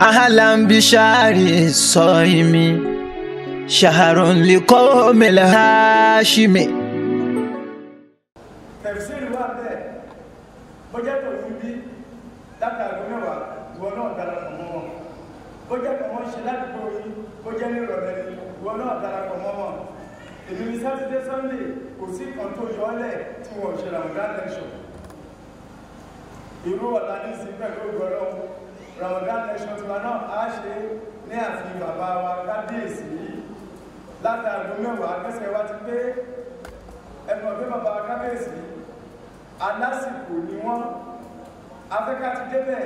أهلا بشعري الصائم شهر لقوم الهاشمي tẹ̀síìr wà bẹ́ẹ̀ bọ́jà tó fi bí látàgbé mẹ́wàá ìwọ náà darapọ̀ mọ́ wọn bọ́jà tó wọ́n ṣe ládùúgbò yìí bọ́jà ní ìrọ̀lẹ́ ìwọ náà darapọ̀ mọ́ wọn èmi ní sátidé sunday kò sí kan tó yọ ọ́lẹ̀ tí wọ́n ṣe làwọn dá lẹ́ṣọ̀ ìrú ọ̀la ní sí pẹ̀lú ìgbọ́lọ́wọ́. Ramadan election tiwa náà á ṣe ní àfi bàbá wa kábíyèsí látàrí mẹ́wàá kẹsẹ̀ wa ti pé ẹ̀fọn pé bàbá wa kábíyèsí alásìkò ni wọ́n afẹ́ ká ti débẹ̀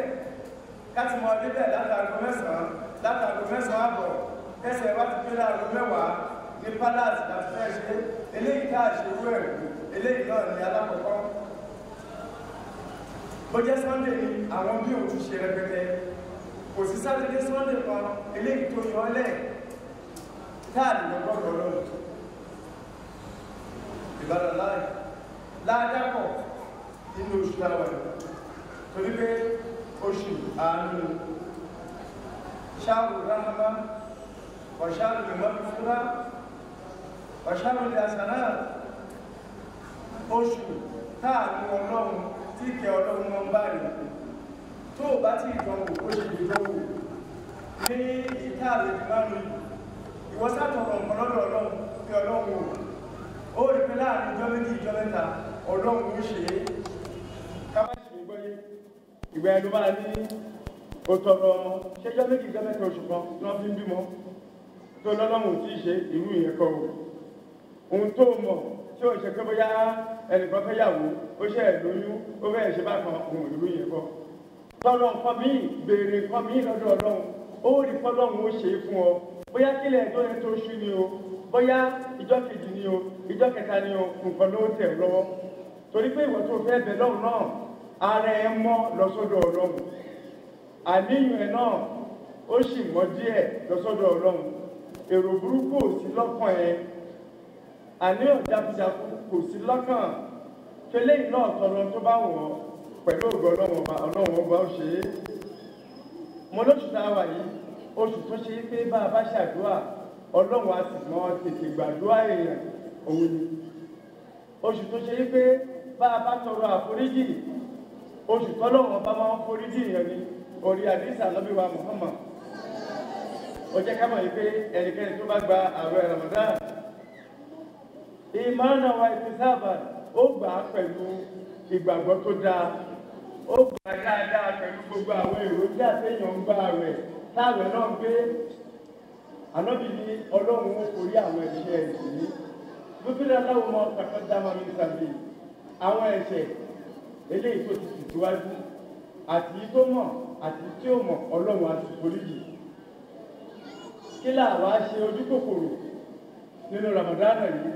ká ti mọ débẹ̀ látàrí mẹ́sàn-án látàrí mẹ́sàn-án àbọ̀ kẹsẹ̀ wa ti pé láàrin mẹ́wàá ní palace láti fẹ́ ṣe eléyìí tá a ṣe wú ẹ̀rù eléyìí náà ní alákọ̀ọ́kọ́ bó jẹ́ sunday ni àwọn bí òun ti ṣe rẹpẹtẹ kò sí sátidé sunday kan eléyìí tó yọ ọ́ lẹ̀ táàdì lọ́gbọ́dọ̀ lọ́wọ́ ìbára láì ládàpọ̀ nínú oṣù àwẹ̀ torí pé oṣù àánú ṣáàrù ráhámá ọ̀ṣáàrù ìmọ̀lúfúnra ọ̀ṣáàrù ìdásánà oṣù táàrí ọlọ́run tí ìkẹ́ ọlọ́run mọ́ ń bá rẹ̀ tó o bá ti ìdánwò ó ṣe ìdánwò ní ìta àlejò márùn ìwọ sàtọ̀rọ̀ nǹkan lọ́dọ̀ ọlọ́run pé ọlọ́run o ó rí pé láàrin ìjọ méjì ìjọ mẹ́ta ọlọ́run ó ṣe é ká má gbọ́yé ìgbà ẹ̀lú máa ní o tọrọ ṣẹjọ méjì ìjọ mẹ́ta oṣù kan lọ́ fi ń bímọ tó lọ́lọ́run ò tí ì ṣe ìrú ìyẹn kọ́ o tó mọ̀ tí o ṣe pé bóyá ẹnìkan fẹ́ yàwó ó ṣe lóyún ó fẹ́ ṣe bá kan òun ìlú yẹn kọ́. tọ́lọ̀ nǹkan míì béèrè nǹkan míì lọ́dọ̀ ọlọ́run ó rí fọlọ́run ó ṣe é fún ọ bóyá kílẹ̀ tó yẹ tó ṣú ni o bóyá ìjọ kejì ni o ìjọ kẹta ni o nǹkan ló tẹ̀ ọ́ lọ́wọ́ torí pé ìwọ tó fẹ́ bẹ̀ lọ́run náà ara ẹ mọ́ lọ́sọ́dọ̀ ọlọ́run àníyàn ẹ náà ó sì mọ́ díẹ̀ lọ́sọ́dọ̀ ọlọ́run èrò burúkú ò lọ́kàn ẹ àníyàn jagunjagun kò sí lọ́kàn kele iná ọ̀tọ̀rọ̀ tó bá wọ̀ pẹ̀lú ògo ọlọ́wọ̀n ọba ọlọ́wọ̀n ọba ó ṣe é mo lóṣù tá a wà yìí oṣù tó ṣe é pé bá a bá ṣàdúrà ọlọ́wọ̀n a sì mọ tètè gbàdúrà èèyàn òun ni oṣù tó ṣe é pé bá a bá tọrọ àforíjì oṣù tọ́lọ́wọ̀n ọba máa ń foríjì èèyàn ni orí àdìsá lọ́bí wa Muhammad ó jẹ́ ká mọ̀ yìí pé ẹnikẹ́ni tó bá gba àwẹ̀ Ramadan ìmọ̀nà wa ìfisàbà ó gbà á pẹ̀lú ìgbàgbọ́ tó dáa ó gbà á dáadáa pẹ̀lú gbogbo àwọn èròjà téèyàn ń gbà rẹ̀ táàrẹ̀ náà gbé ànábì ní ọlọ́run ó forí àwọn ẹ̀ṣẹ̀ ẹ̀sìn yìí gbogbo aláwọ̀ ọmọ ọ̀sàkọ́ dáhùn ní sàbí àwọn ẹ̀ṣẹ̀ eléyìí tó ti tìtúwájú àti tó mọ̀ àti tí ó mọ̀ ọlọ́run àti foríjì kí làwọn á ṣe ojú kòkòrò nínú Ramadan yìí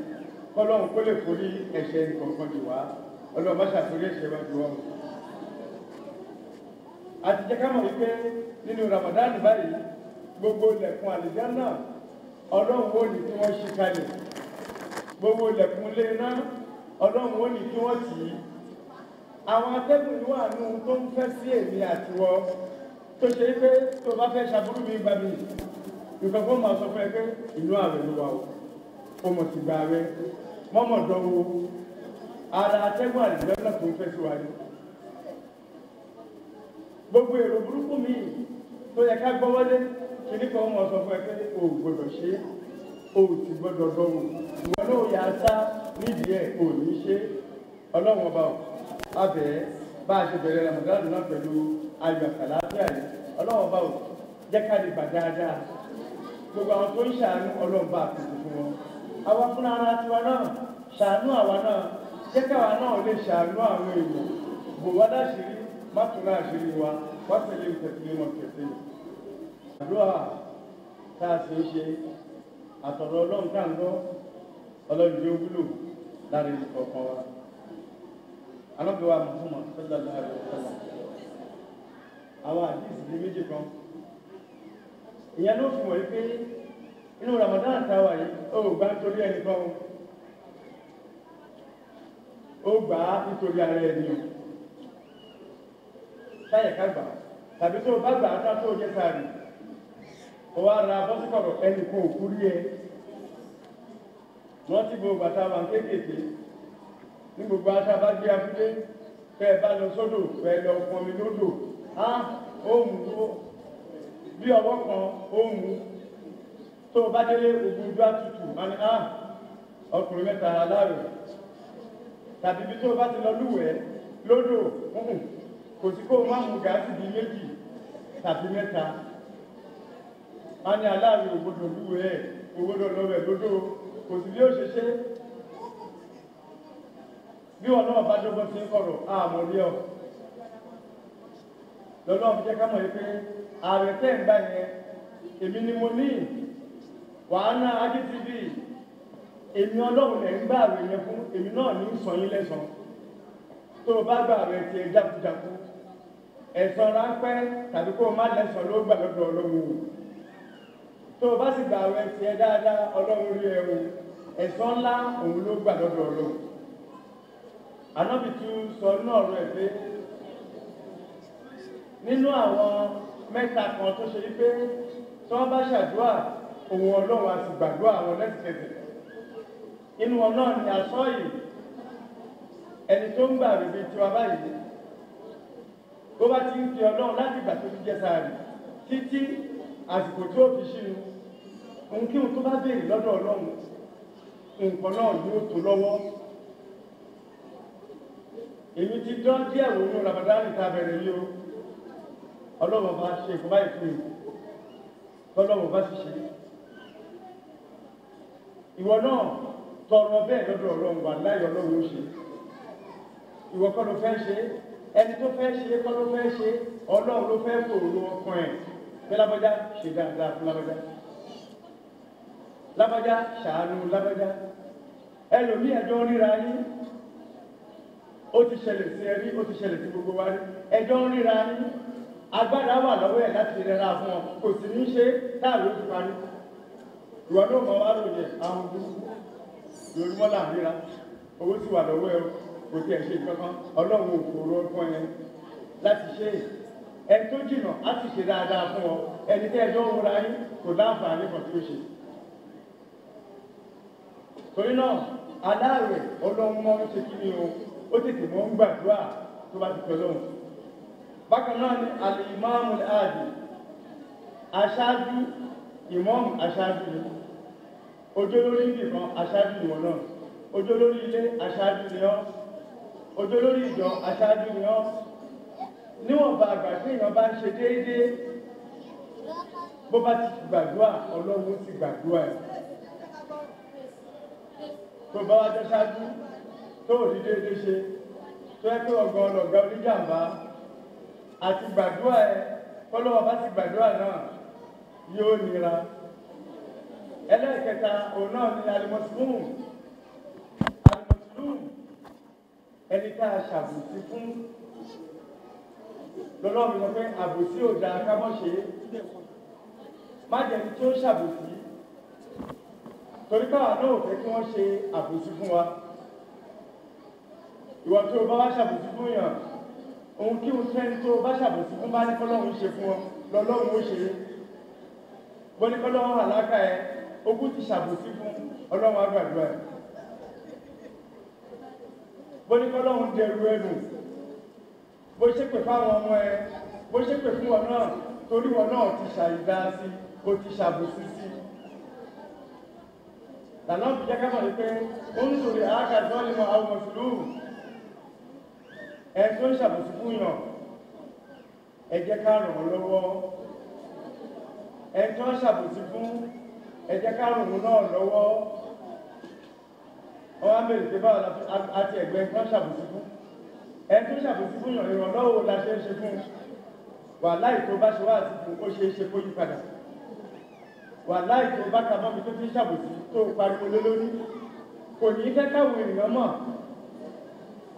kọ́lọ́hún kó lè forí ẹ̀ṣẹ̀ nìkankan jù wá ọlọ́run má ṣàforí ẹ̀ṣẹ̀ wa jù wá o. àti jẹ́ ká mọ̀ wípé nínú Ramadan báyìí gbogbo ilẹ̀kùn àlùjánnà ọlọ́run ó ní kí wọ́n ṣí kalẹ̀ gbogbo ilẹ̀kùn lé iná ọlọ́run ó ní kí wọ́n tì í àwọn atẹ́gùn ìwà àánú tó ń fẹ́ sí èmi àtiwọ́ tó ṣe é pé tó bá fẹ́ ṣàbúrú mi gbà mí nǹkan fún màá sọ fún ẹ pé ìlú ààrẹ ló wà o ọmọ ti gba rẹ mọ́mọ́ dánwó ara atẹ́gùn àdìgbẹ́lá tó ń fẹ́ síwájú gbogbo èrò burúkú mi tó yẹ ká gbọ́ wọlé kìíní kan mọ̀ sọ fún ẹ pé o ò gbọdọ̀ ṣe o ò sì gbọdọ̀ dánwó ìwọ náà yà á sá nídìí ẹ̀ o ò ní ṣe ọlọ́run ọba abẹ́ bá a ṣe bẹ̀rẹ̀ ramadan náà pẹ̀lú ayọ̀ àkàlàáfíà yìí ọlọ́run ọba jẹ́ ká lè gbà dáadáa gbogbo àwọn tó ń ṣàánú ọlọ́run bá a pèsè fún wọn àwọn fúnra ara tiwa náà ṣàánú àwa náà jẹ́ káwa náà lè ṣàánú àwọn èèyàn bò dáṣírí má tún àṣírí wa wá tẹ̀lé ìtẹ̀sílẹ̀ wọn kẹsẹ̀. àdúrà tá a ṣe ń ṣe àtọ̀rọ̀ ọlọ́run tá à ń lọ ọlọ́run yóò wúlò lára ẹni kọ̀ọ̀kan wa. alábẹ̀wá mọ̀túnmọ̀ sọ́jà láàrin ọ̀sán àwọn àdìsí ní méjì kan ìyẹn ló fi wọ̀nyí pé inú Ramadan ta wà yìí ó gbà nítorí ẹnìkan o ó gbà á nítorí ara ẹni o táyà ká gbà tàbí tó o bá gbà á tá tó o jẹ sáré o wá ra bọ́sùkọ̀rọ̀ ẹnìkan ò kú rí ẹ wọ́n ti bo bàtà wà kéékèèké ní gbogbo aṣá bá gbé abúlé fẹ́ ẹ bá lọ sódò fẹ́ ẹ lọ pọnmi lódò á ó mú bí ọwọ́ kan ó mú tó o bá délé ogun ojú àtútù wọn ni ah ọkùnrin mẹ́ta aláàrẹ̀ tàbí ibi tó o bá ti lọ lúwẹ̀ẹ́ lódò kò sí kó o má mú gàásì bíi méjì tàbí mẹ́ta wọn ni aláàrẹ̀ ògbódò lúwẹ̀ẹ́ ògbódò lọ́wẹ̀ lódò kò sí bí ó ṣe ṣe bí wọn náà bá dọ́gbọ́n sí ń kọ̀rọ̀ àmọ́ rí ọ lọ́lọ́run jẹ́ ká mọ̀ yìí pé ààrẹ tẹ́ ń gbà yẹn èmi ni mo ní wàhánà agtv èmi ọlọ́run lẹ́ ń gbà rẹ̀ yẹn fún èmi náà ní sọ yín lẹ́sàn-án tó o bá gbà rẹ̀ tiẹ̀ jákujáku ẹ̀san ráńpẹ́ tàbí kó o má lẹ́sàn-án ló gbà lọ́dọ̀ ọlọ́run o tó o bá sì gbà rẹ̀ tiẹ̀ dáadáa ọlọ́run rí ẹ o ẹ̀san ńlá òun ló gbà lọ́dọ̀ ọlọ́run ànábì sọ náà rẹ̀ pé nínú àwọn mẹ́ta kan tó ṣe wípé tí wọ́n bá ṣàdúrà òun ọlọ́run a sì gbàdúrà àwọn lẹ́sẹ̀kẹsẹ̀ inú ọlọ́run ni aṣọ yìí ẹni tó ń gbà rèébi tí wa báyìí bó bá ti ń fi ọlọ́run láti ìgbà tó ti jẹ sààrì títí àsìkò tí ó fi ṣínú ohunkíhun tó bá béèrè lọ́dọ̀ ọlọ́run nǹkan náà yóò tó lọ́wọ́ èmi ti dán díẹ̀ wò ní Ramadan ta bẹ̀rẹ̀ yìí o ọlọ́run bá ṣe ìfọ̀bá ìfún yìí tọ́lọ́run bá ṣiṣẹ́ yìí ìwọ náà tọrọ bẹ́ẹ̀ lọ́dọ̀ Ọlọ́run wà láyọ̀ Ọlọ́run ṣe ìwọ kọ́ ló fẹ́ ṣe ẹni tó fẹ́ ṣe kọ́ ló fẹ́ ṣe Ọlọ́run ló fẹ́ fòrò ọkàn ẹ̀ pé lábàjá ṣe dáadáa fún lábàjá lábàjá ṣàánú lábàjá ẹlòmíì ẹjọ́ ríra yín ó ti ṣẹlẹ̀ sí ẹbí ó ti ṣẹlẹ̀ sí gbogbo wa rí ẹjọ́ ríra yín agbára wà lọ́wọ́ ẹ̀ láti rẹra fún ọ kò sì ní ṣe táàrí ti parí ìwọ náà mọ wá rò yẹ àwọn burúkú lójúmọ́ là ń ríra owó ti wà lọ́wọ́ ẹ kò tiẹ̀ ṣe kankan ọlọ́run òkòrò ọgbọ́n yẹn láti ṣe ẹ tó jìnnà á sì ṣe dáadáa fún ọ ẹni tẹ́ ẹjọ́ ń ra yín kò láǹfààní kan tí ó ṣe. torí náà aláàrẹ̀ ọlọ́run mọ́ ń ṣe kí ni o ó tètè mọ́ ń gbàdúrà tó bá ti pẹ́ lọ́hùn. bákan náà ni àlè ìmáàmù aṣáájú ìmáàmù aṣáájú ni ojólórí nìkan aṣáájú ìwọ náà ojólórí ilé aṣáájú ni ọ́ ojólórí ìjọ aṣáájú ni ọ́ níwọ̀nba àgbà tí èèyàn bá ń ṣe déédéé bó bá ti gbàdúrà ọlọ́run ti gbàdúrà ẹ̀ tó bá wájọ́ ṣáájú tó ò ní déédéé ṣe tó yẹ pé ọ̀gán ọlọ́gá oníjàmbá àti gbàdúrà ẹ̀ kọ́lọ́wọ́ bá ti gbàdúrà náà yóò nira ẹlẹ́ẹ̀kẹta òun náà ni alimọ̀sùlùm alimọ̀sùlùm ẹni tá a ṣàbùsí fún lọ́lọ́ mi sọ pé àbùsí ò dáa ká mọ̀ tí ó ṣàbùsí torí káwa náà fẹ́ kí wọ́n ṣe àbùsí fún wa ìwọ tí o bá wá ṣàbùsí fún yàn ohun kí ohun tẹ́ni tó o bá ṣàbùsí fún bá ní kọ́lọ́hún ṣe fún ọ lọ́lọ́hún ó ṣe é bó ní kọ́lọ́hún àlákà ẹ̀ ogún ti ṣàbòsí fún ọlọ́run àgbàdua ẹ̀ bó ní kọ́lọ́run dẹrù ẹnu bó ṣépè fáwọn ọmọ ẹ bó ṣépè fún wọn náà torí wọn náà ti ṣàìdá sí o ti ṣàbòsí sí lànà fi jẹ́ kámọ̀ ní pé ó ń sòrè àákàtọ́ ní mọ àwọn mùsùlùmí ẹ̀ tó ń ṣàbòsí fún yàn ẹ jẹ́ ká ràn án lọ́wọ́ ẹ̀ tó ń ṣàbòsí fún ẹ jẹ́ ká ràn wọn náà lọ́wọ́ wọn á bèrè pé báwo àti ẹ̀gbẹ́ wọn ṣàbùsí fún ẹ tó ṣàbùsí fún yàn ìrànlọ́wọ́ la ṣe ń ṣe fún wà láì tó bá ṣe wá àsìkò ó ṣe é ṣe kó yí padà wà láì tó bá ka mọ́mi tó fi ṣàbùsí tó pariwo lé lórí kò ní fẹ́ káwọn èèyàn mọ̀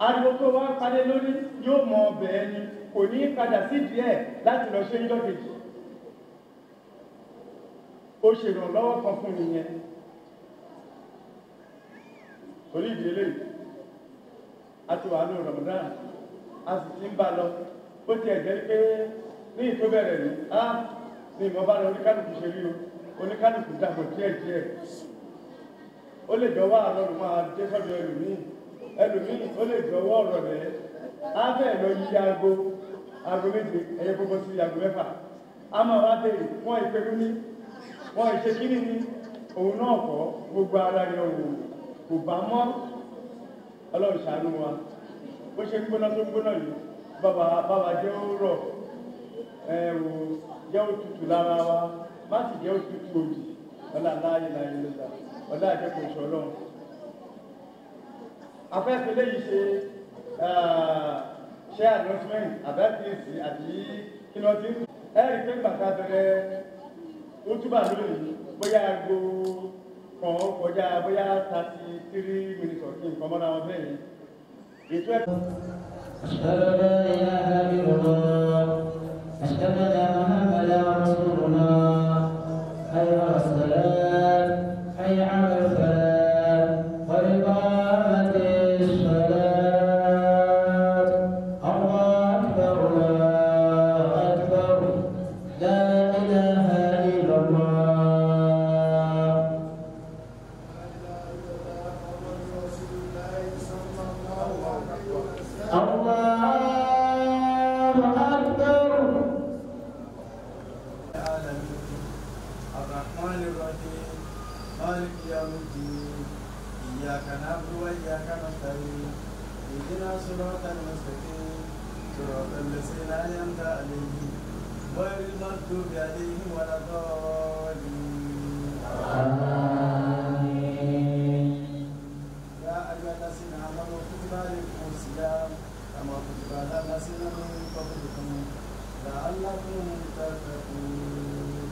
ariwo tó wá padé lórí yóò mọ ọbẹ̀ ẹni kò ní padà sídìí ẹ̀ láti lọ ṣe ń jọ́ kejì ó ṣe ìrànlọ́wọ́ kan fún mi yẹn torí ìdílé a wà ní Ramadan a sì ti ń bá lọ ó ti ẹ̀jẹ̀ pé ní ìtó bẹ̀rẹ̀ ní á ní ìmọ̀ bá lọ oníkálùkù ṣe rí o oníkálùkù dàgbò díẹ̀ díẹ̀ ó lè jọwọ́ àlọ́run máa dé sọ́dọ̀ ẹlòmíì ẹlòmíì ó lè jọwọ́ ọ̀rọ̀ rẹ̀ á bẹ̀rẹ̀ lọ yí aago aago méje ẹ̀yẹ gbogbo sí aago mẹ́fà á máa wá dé fún ìpẹ́rú wọn ṣe kí ni òun náà kọ́ gbogbo ara yẹ wò kò bá mọ́ ọlọ́run ṣàánú wa bó ṣe gbóná tó gbóná yìí bàbá bàbá jẹ́ ó rọ̀ ẹ wò jẹ́ ó tutù lára wa má sì jẹ́ ó tutù òdì ọlá láàyè láàyè lọ́la ọlá àjẹkù ìṣọ́ ọlọ́run. afẹ́fẹ́ lẹ́yìn ṣe ṣe announcement àbẹ́fẹ́ sí àbí kí lọ́ọ́ ti ń ẹ̀rí pé gbàgbà bẹ̀rẹ̀ ó túbà lónìí bóyá aago kan kọjá bóyá thirty three minutes or two nǹkan mọ́ra wọn bẹ́ẹ̀ ni ètò ẹ̀kọ́. أشهد أن لا إله إلا الله أشهد أن محمدا رسول الله مالك يوم الدين إياك نعبد وإياك نستعين اهدنا صراط المستقيم صراط الذين أنعمت عليهم غير المغضوب عليهم ولا الضالين يا أيها الذين آمنوا كتب عليكم الصيام كما كتب على الذين من قبلكم لعلكم تتقون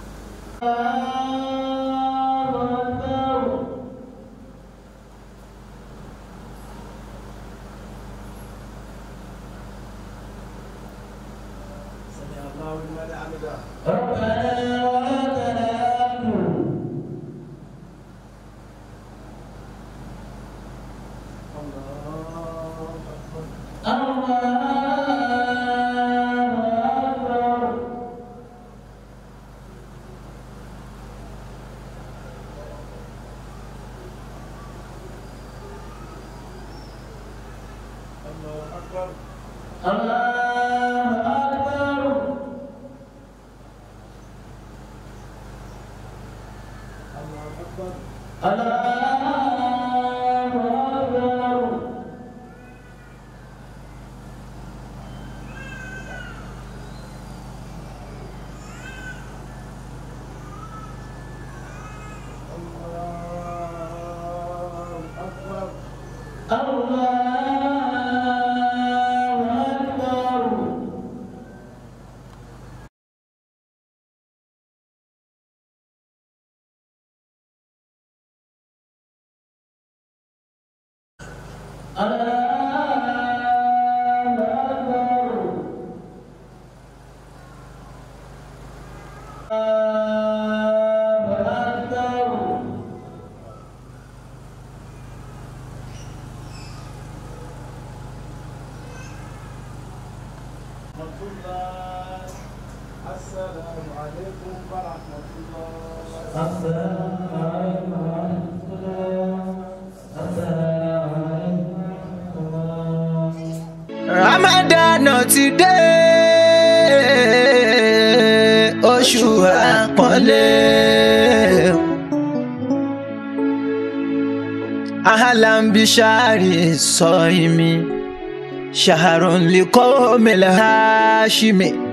Allah àpọ́nlé. ahalan bishari sọ so imi shaharun likomil hashimi.